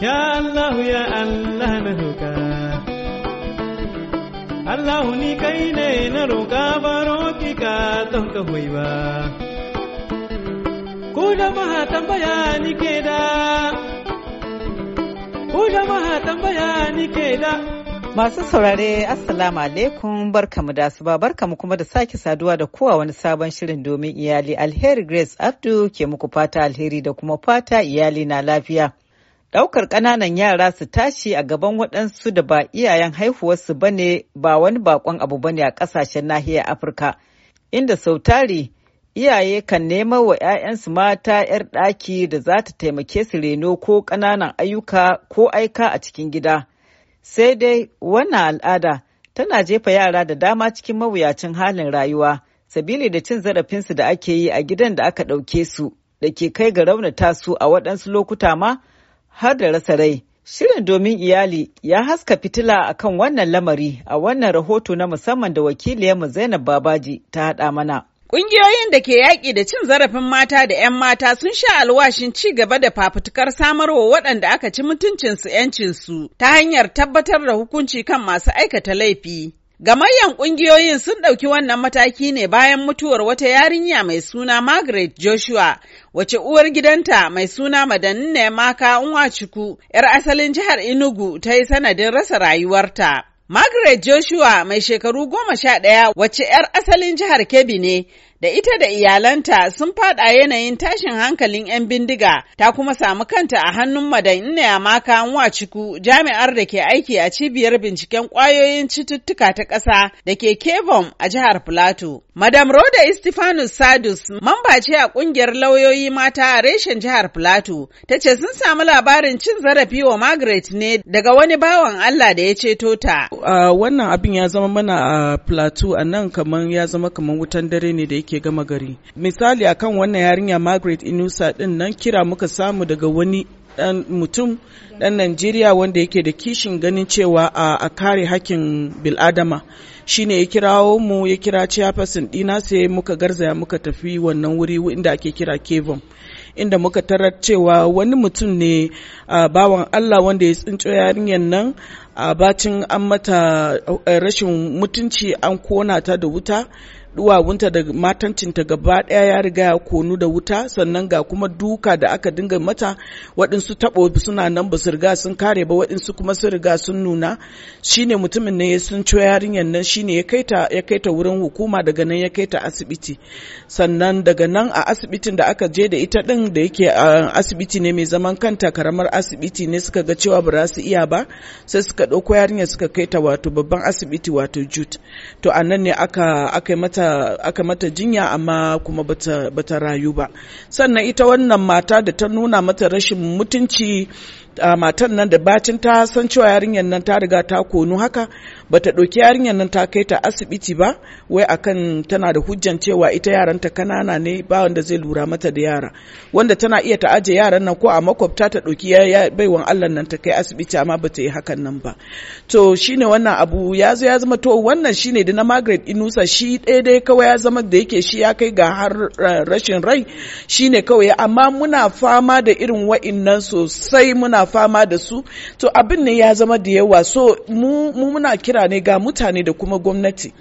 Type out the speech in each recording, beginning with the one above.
Ya Allah ya Allah na roƙa Allah ni kai ne na roƙa baro ki ka don ka hoyi ba Ku jama'a tambaya ni ke da Ku jama'a tambaya ni ke da Masu saurare Assalamu alaikum barkamu da asuba barkamu kuma da sake saduwa da kowa wani sabon shirin domin iyali alheri Grace Abdu ke muku fata alheri da kuma fata iyali na lafiya. Daukar ƙananan yara su tashi a gaban waɗansu da ba iyayen haihuwarsu ba ne ba wani bakon abu ba ne a ƙasashen nahiyar Afirka, inda sau tari iyaye kan nema wa 'ya'yansu mata 'yar ɗaki da za ta taimake su reno ko ƙananan ayyuka ko aika a cikin gida. Sai dai wannan al'ada tana jefa yara da dama cikin mawuyacin halin rayuwa, sabili da cin zarafinsu da ake yi a gidan da aka ɗauke su, da ke kai ga raunata su a waɗansu lokuta ma har da rasa rai. Shirin domin iyali ya haska fitila a kan wannan lamari a wannan rahoto na musamman da wakiliyarmu Zainab Babaji ta haɗa mana. Ƙungiyoyin da ke yaƙi da cin zarafin mata da 'yan mata sun sha alwashin ci gaba da fafutukar samarwa waɗanda aka ci mutuncinsu 'yancinsu ta hanyar tabbatar da hukunci kan masu aikata laifi. Gamayyan ƙungiyoyin sun ɗauki wannan mataki ne bayan mutuwar wata yarinya mai suna Margaret Joshua, wace uwar gidanta mai suna Madanne Maka cuku? 'yar asalin jihar Enugu ta yi sanadin rasa rayuwarta. Margaret Joshua mai shekaru goma sha ɗaya wace 'yar asalin jihar Kebbi ne, da ita da iyalanta sun fada yanayin tashin hankalin 'yan bindiga ta kuma samu kanta a hannun madan maka ciku, jami'ar da ke aiki a cibiyar binciken kwayoyin cututtuka ta ƙasa da ke Kebom a jihar Filato. Madam Roda Istifanus Sadus mamba ce a ƙungiyar lauyoyi mata a reshen jihar Filato ta ce sun samu labarin cin zarafi wa Margaret ne daga wani bawan Allah da ya ceto ta. wannan abin ya zama mana a a nan kamar ya zama kamar wutan dare ne da yake ke gama gari misali akan wannan yarinya margaret inusa din nan kira muka samu daga wani dan mutum dan najeriya wanda yake da kishin ganin cewa a kare hakkin biladama shi ne ya kirawo mu ya kira chairperson dina sai muka garzaya muka tafi wannan wuri inda ake kira kevin inda muka tarar cewa wani mutum ne bawan allah wanda ya tsinco yarinyar nan a bacin an mata eh, rashin mutunci an kona ta da wuta duwawunta da matancinta gaba ɗaya ya riga ya konu da wuta sannan ga kuma duka da aka dinga mata waɗansu taɓo suna nan ba su riga sun kare ba waɗansu kuma sun riga sun nuna shine mutumin ne ya sun ciwo yarinyar nan shine ya kaita ya kaita wurin hukuma daga nan ya kaita asibiti sannan daga nan a asibitin da aka je da ita ɗin da yake eh, asibiti ne mai zaman kanta karamar asibiti ne suka ga cewa ba za su iya ba sai suka ɗauko yarinyar suka kai ta wato babban asibiti wato jut to a ne aka mata jinya amma kuma bata bata rayu ba sannan ita wannan mata da ta nuna mata rashin mutunci matan nan da bacin ta san cewa yarinyar nan ta riga ta konu haka bata ɗauki yarinyar nan ta kai ta asibiti ba wai akan tana da hujjan cewa ita yaranta kanana ne ba wanda zai lura mata da yara wanda tana iya ta aje yaran nan ko a makwabta ta ɗauki ya baiwan Allah nan ta kai asibiti amma bata yi hakan nan ba to shine wannan abu ya zo ya zama to wannan shine da na Margaret Inusa shi ɗaya dai kawai ya zama da yake shi ya kai ga har eh, rashin rai shine kawai amma muna fama da irin wa'innan sosai muna fama da su to abin ne ya zama da yawa so mu muna kira ne ga mutane da kuma gwamnati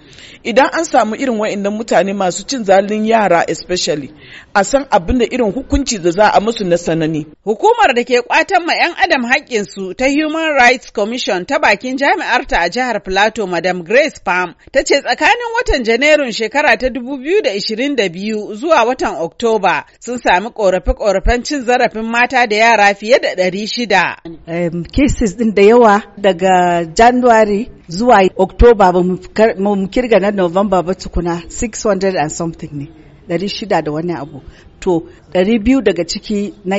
idan an samu irin wa'annan mutane masu cin zalin yara especially a san abin da irin hukunci da za a musu na sanani hukumar da ke kwatan ma 'yan adam su ta human rights commission ta bakin jami'arta a jihar plateau madam grace palm ta ce tsakanin watan janairun shekara ta 2022 zuwa watan oktoba sun sami ƙorafe-ƙorafen cin zarafin mata da yara fiye da 600 da cases din da yawa daga January zuwa Oktoba ba mu kirga na November ba tukuna 600 and something ne. Dari shida da wani abu. To, ɗari biyu daga ciki na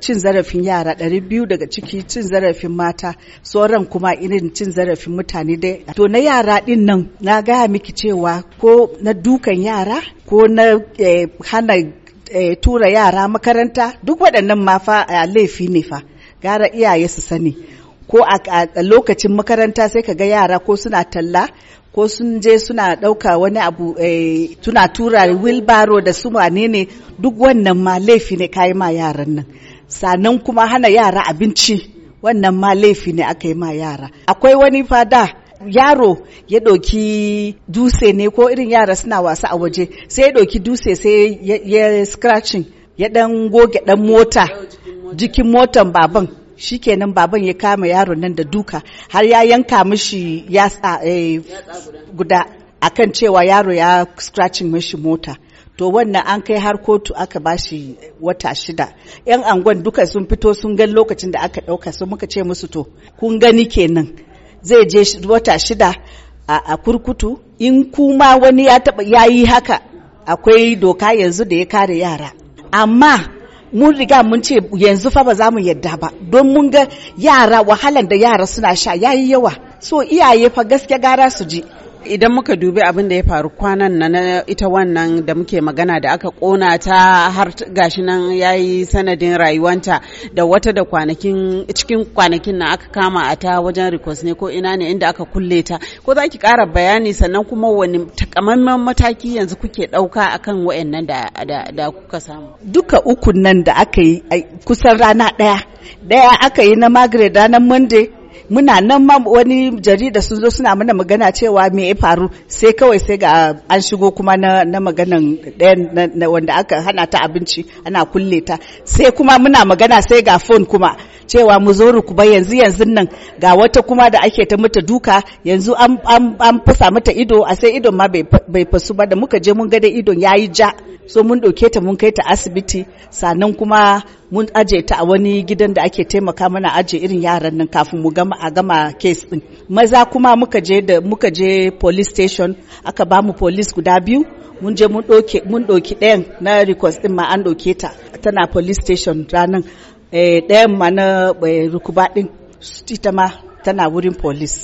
cin zarafin yara, ɗari biyu daga ciki cin zarafin mata, sauran kuma irin cin zarafin mutane dai. To, na yara ɗin nan, na gaya miki cewa ko na dukan yara, ko na eh, hana eh, tura yara makaranta, duk waɗannan ma fa eh, laifi ne fa. gara iyaye su sani ko a lokacin makaranta sai ka ga yara ko suna talla ko sun je suna ɗauka wani abu tuna eh, tura wilbaro da su wane ne duk wannan ma laifi ne kayi ma yaran nan sannan kuma hana yara abinci wannan ma laifi ne aka yi ma yara akwai wani fada yaro ya ɗauki dutse ne ko irin yara suna wasa a waje sai ya ɗauki dutse sai ya scratching ya ɗan goge ɗan mota jikin motan baban shi shikenan baban ya kama yaron nan da duka har ya yanka mishi yatsa eh, guda a kan cewa yaro ya scratching mishi mota to wannan an kai har kotu aka bashi wata shida yan angon duka sun fito sun gan lokacin da aka ɗauka sun muka ce musu to kun gani kenan zai je wata shida a kurkutu in kuma wani ya taba ya yi haka akwai doka yanzu da ya kare yara amma mun riga mun ce yanzu fa ba za mu yadda ba don mun ga yara wahalan da yara suna sha yayi yawa so iyaye fa gaske gara su ji idan muka dubi abin da ya faru kwanan na na ita wannan da muke magana da aka kona ta har gashi nan yi sanadin rayuwanta da wata da kwanakin cikin kwanakin na aka kama a ta wajen rikos ne ko ina ne inda aka kulle ta ko za ki kara bayani sannan kuma wani takamaiman mataki yanzu kuke dauka akan wayannan da, da da kuka samu duka ukun nan da aka yi kusan rana daya daya aka yi na Margaret ranar Monday muna nan ma wani jarida sun zo suna mana magana cewa me ya faru sai kawai sai ga an shigo kuma na, na maganan wanda aka hana ta abinci ana kulle ta sai kuma muna magana sai ga phone kuma cewa mu zo ku yanzu yanzu nan ga wata kuma da ake ta mata duka yanzu an fasa mata ido a sai ido ma bai fasu ba da muka je mun ga da idon yayi ja so mun ɗauke ta mun kai ta asibiti sannan kuma mun aje ta a wani gidan da ake taimaka mana aje irin yaran nan kafin mu gama a gama case din maza kuma muka je da muka je police station aka ba mu police guda biyu mun je mun ɗauki ɗayan na request din ma an ɗauke ta tana police station ranan Eh, ɗayan ma na rukuba ɗin ita ma tana wurin polis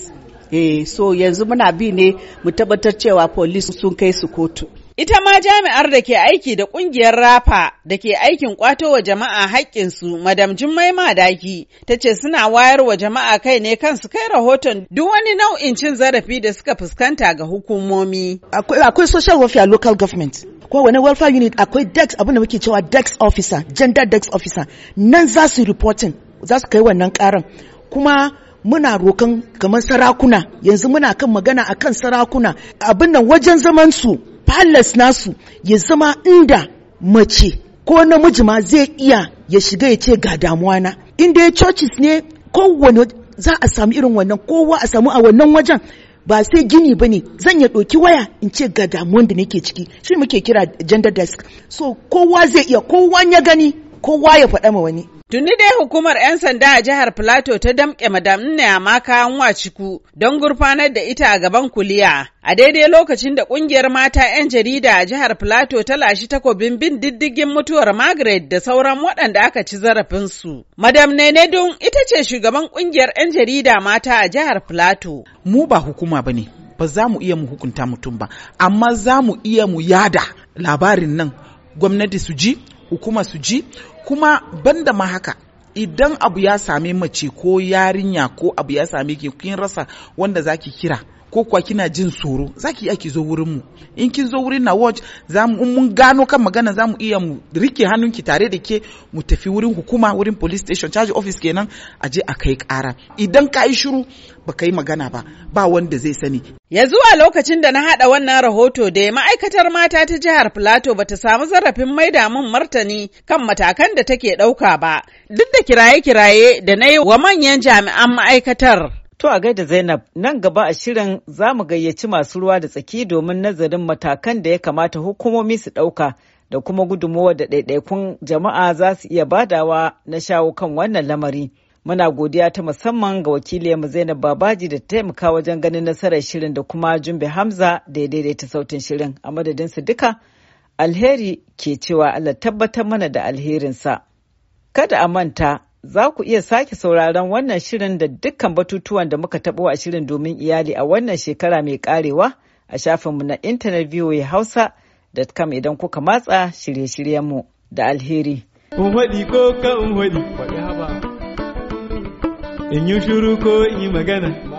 eh, so yanzu muna bi ne mu tabbatar cewa polis sun kai su kotu Ita ma jami'ar da ke aiki da kungiyar rafa da ke aikin kwato wa jama'a haƙƙinsu Madam Jummai Madaki ta ce suna wayar wa jama'a kai ne kansu kai rahoton duk wani nau'in cin zarafi da suka fuskanta ga hukumomi. Akwai social welfare local government kowane welfare unit akwai dex abin da muke cewa dex officer gender dex officer nan za su reporting za su kai wannan karan kuma muna rokan kamar sarakuna yanzu muna kan magana a kan sarakuna abin wajen zaman su palace nasu ya zama inda mace ko namiji ma zai iya ya shiga ya ce ga damuwa na inda ya churches ne kowane za a samu irin wannan kowa a samu a wannan wajen ba sai gini bane zan ya ɗauki waya in ce ga damuwan da nake ciki shi muke kira gender desk so kowa zai iya kowa ya gani kowa ya faɗa ma wani. Tuni dai hukumar 'yan sanda a jihar Filato ta damƙe madam wa ciku, don gurfanar da ita a gaban kuliya. A daidai lokacin da ƙungiyar mata 'yan jarida a jihar Filato ta lashi takobin bin diddigin mutuwar Margaret da sauran waɗanda aka ci zarafinsu. Madam Nenedun ita ce shugaban ƙungiyar 'yan jarida mata a jihar Filato. Mu ba hukuma ba ne, ba za mu iya mu hukunta mutum ba, amma za mu iya mu yada labarin nan gwamnati su ji hukuma su ji kuma banda ma haka idan abu ya same mace ko yarinya ko abu ya same ki kin rasa wanda zaki kira ko kuwa kina jin tsoro zaki iya ki zo wurin mu in kin zo wurin na watch za mu mun gano kan magana za mu iya mu rike hannunki tare da ke mu tafi wurin hukuma wurin police station charge office kenan a je a kai kara idan ka yi shiru ba ka yi magana ba ba wanda zai sani ya zuwa lokacin da na hada wannan rahoto da ma'aikatar mata ta jihar Plateau bata samu zarafin maida mun martani kan matakan da take dauka ba duk da kiraye-kiraye da na yi wa manyan jami'an ma'aikatar To a gaida Zainab nan gaba a shirin za mu gayyaci masu ruwa da tsaki domin nazarin matakan da ya kamata hukumomi su ɗauka da kuma gudunmowar da ɗaiɗaikun jama'a za su iya badawa na shawo kan wannan lamari. Muna godiya ta musamman ga wakiliyarmu Zainab Babaji da taimaka wajen ganin nasarar shirin da kuma Jumbe Hamza da ya daidaita sautin shirin a madadin su duka. Alheri ke cewa Allah tabbatar mana da alherinsa. Kada a manta za ku iya sake sauraron wannan shirin da dukkan batutuwan da muka taɓo a shirin domin iyali a wannan shekara mai karewa a shafinmu na intanet voa hausa.com idan kuka matsa shirye-shiryenmu da alheri. In ko ka in in yi shuru ko in yi magana.